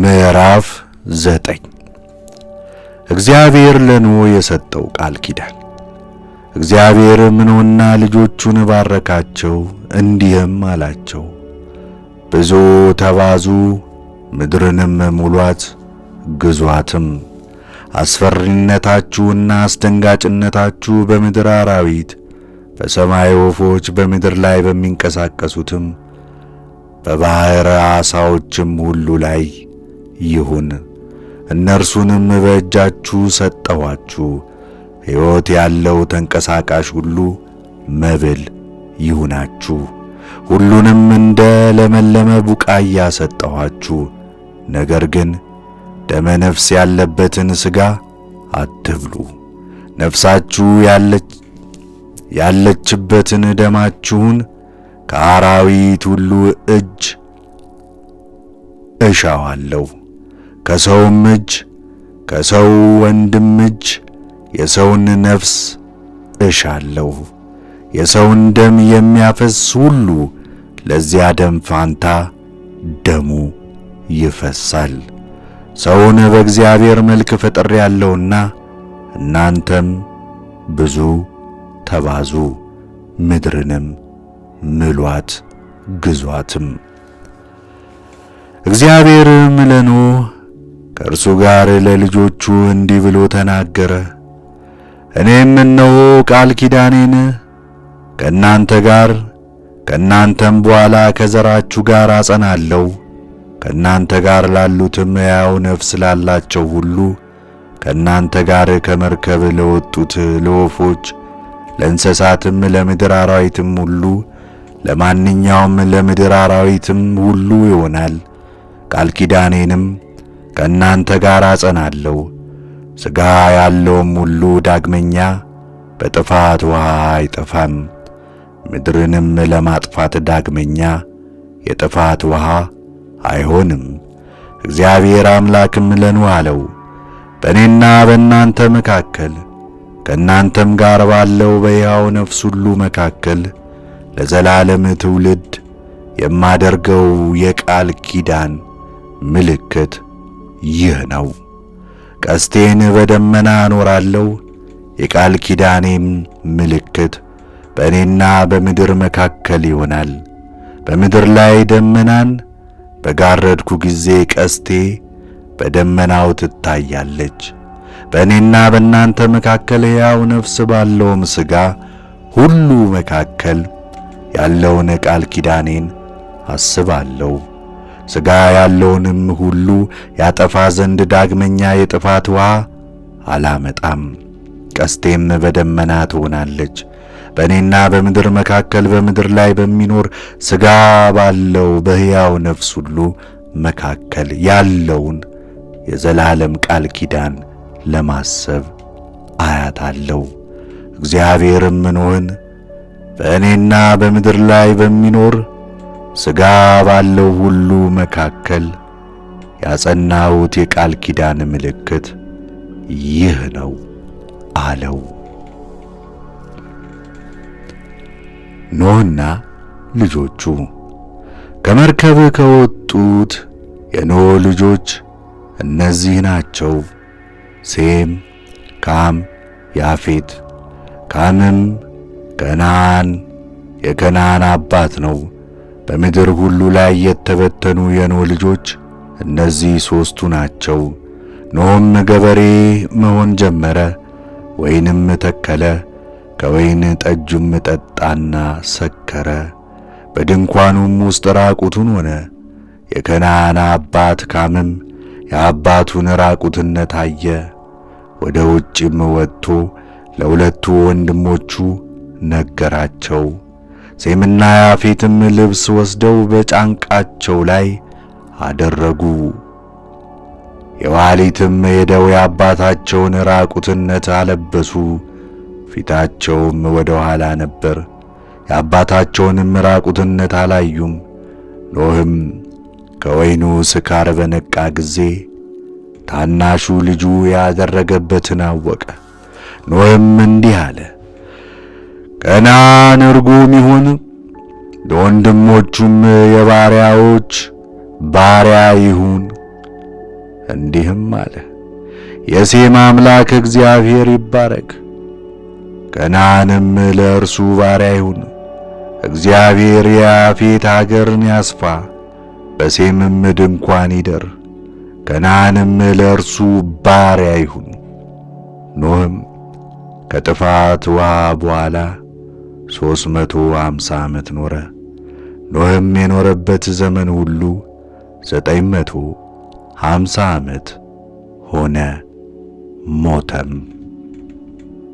ምዕራፍ ዘጠኝ እግዚአብሔር ለኖህ የሰጠው ቃል ኪዳን። እግዚአብሔርም ኖኅና ልጆቹን ባረካቸው፣ እንዲህም አላቸው፦ ብዙ ተባዙ፣ ምድርንም ሙሏት፣ ግዟትም። አስፈሪነታችሁና አስደንጋጭነታችሁ በምድር አራዊት፣ በሰማይ ወፎች፣ በምድር ላይ በሚንቀሳቀሱትም በባሕር ዓሣዎችም ሁሉ ላይ ይሁን። እነርሱንም በእጃችሁ ሰጠኋችሁ፣ ሕይወት ያለው ተንቀሳቃሽ ሁሉ መብል ይሁናችሁ። ሁሉንም እንደ ለመለመ ቡቃያ ሰጠኋችሁ። ነገር ግን ደመ ነፍስ ያለበትን ሥጋ አትብሉ። ነፍሳችሁ ያለችበትን ደማችሁን ከአራዊት ሁሉ እጅ እሻዋለሁ። ከሰውም እጅ ከሰው ወንድም እጅ የሰውን ነፍስ እሻለሁ። የሰውን ደም የሚያፈስ ሁሉ ለዚያ ደም ፋንታ ደሙ ይፈሳል። ሰውን በእግዚአብሔር መልክ ያለውና እናንተም ብዙ ተባዙ፣ ምድርንም ምሏት፣ ግዟትም። እግዚአብሔርም ለኖኅ ከእርሱ ጋር ለልጆቹ እንዲህ ብሎ ተናገረ። እኔም እነሆ ቃል ኪዳኔን ከእናንተ ጋር ከእናንተም በኋላ ከዘራችሁ ጋር አጸናለሁ ከእናንተ ጋር ላሉትም ሕያው ነፍስ ላላቸው ሁሉ ከእናንተ ጋር ከመርከብ ለወጡት ለወፎች፣ ለእንስሳትም፣ ለምድር አራዊትም ሁሉ ለማንኛውም ለምድር አራዊትም ሁሉ ይሆናል። ቃል ኪዳኔንም ከእናንተ ጋር አጸናለሁ፣ ሥጋ ያለውም ሁሉ ዳግመኛ በጥፋት ውሃ አይጠፋም፣ ምድርንም ለማጥፋት ዳግመኛ የጥፋት ውሃ አይሆንም። እግዚአብሔር አምላክም ለኖኅ አለው፣ በእኔና በእናንተ መካከል ከእናንተም ጋር ባለው በሕያው ነፍስ ሁሉ መካከል ለዘላለም ትውልድ የማደርገው የቃል ኪዳን ምልክት ይህ ነው። ቀስቴን በደመና አኖራለሁ፣ የቃል ኪዳኔም ምልክት በእኔና በምድር መካከል ይሆናል። በምድር ላይ ደመናን በጋረድኩ ጊዜ ቀስቴ በደመናው ትታያለች። በእኔና በእናንተ መካከል ሕያው ነፍስ ባለውም ሥጋ ሁሉ መካከል ያለውን ቃል ኪዳኔን አስባለሁ። ሥጋ ያለውንም ሁሉ ያጠፋ ዘንድ ዳግመኛ የጥፋት ውሃ አላመጣም። ቀስቴም በደመና ትሆናለች፣ በእኔና በምድር መካከል በምድር ላይ በሚኖር ሥጋ ባለው በሕያው ነፍስ ሁሉ መካከል ያለውን የዘላለም ቃል ኪዳን ለማሰብ አያታለሁ። እግዚአብሔርም ኖኅን በእኔና በምድር ላይ በሚኖር ሥጋ ባለው ሁሉ መካከል ያጸናሁት የቃል ኪዳን ምልክት ይህ ነው አለው። ኖህና ልጆቹ ከመርከብ ከወጡት የኖህ ልጆች እነዚህ ናቸው። ሴም፣ ካም፣ ያፌት። ካምም ከናን የከናን አባት ነው። በምድር ሁሉ ላይ የተበተኑ የኖ ልጆች እነዚህ ሦስቱ ናቸው። ኖህም ገበሬ መሆን ጀመረ፣ ወይንም ተከለ፣ ከወይን ጠጁም ጠጣና ሰከረ። በድንኳኑም ውስጥ ራቁቱን ሆነ። የከነዓና አባት ካምም የአባቱን ራቁትነት አየ። ወደ ውጭም ወጥቶ ለሁለቱ ወንድሞቹ ነገራቸው። ሴምና ያፌትም ልብስ ወስደው በጫንቃቸው ላይ አደረጉ። የዋሊትም ሄደው የአባታቸውን ራቁትነት አለበሱ፣ ፊታቸውም ወደ ኋላ ነበር። የአባታቸውንም ራቁትነት አላዩም። ኖህም ከወይኑ ስካር በነቃ ጊዜ ታናሹ ልጁ ያደረገበትን አወቀ። ኖህም እንዲህ አለ ከነዓን እርጉም ይሁን ለወንድሞቹም የባሪያዎች ባሪያ ይሁን። እንዲህም አለ፣ የሴም አምላክ እግዚአብሔር ይባረክ፣ ከነዓንም ለእርሱ ባሪያ ይሁን። እግዚአብሔር የያፌት አገርን ያስፋ፣ በሴምም ድንኳን ይደር፣ ከናንም ለእርሱ ባሪያ ይሁን። ኖህም ከጥፋት ውሃ በኋላ ሦስት መቶ አምሳ ዓመት ኖረ። ኖህም የኖረበት ዘመን ሁሉ ዘጠኝ መቶ አምሳ ዓመት ሆነ፣ ሞተም።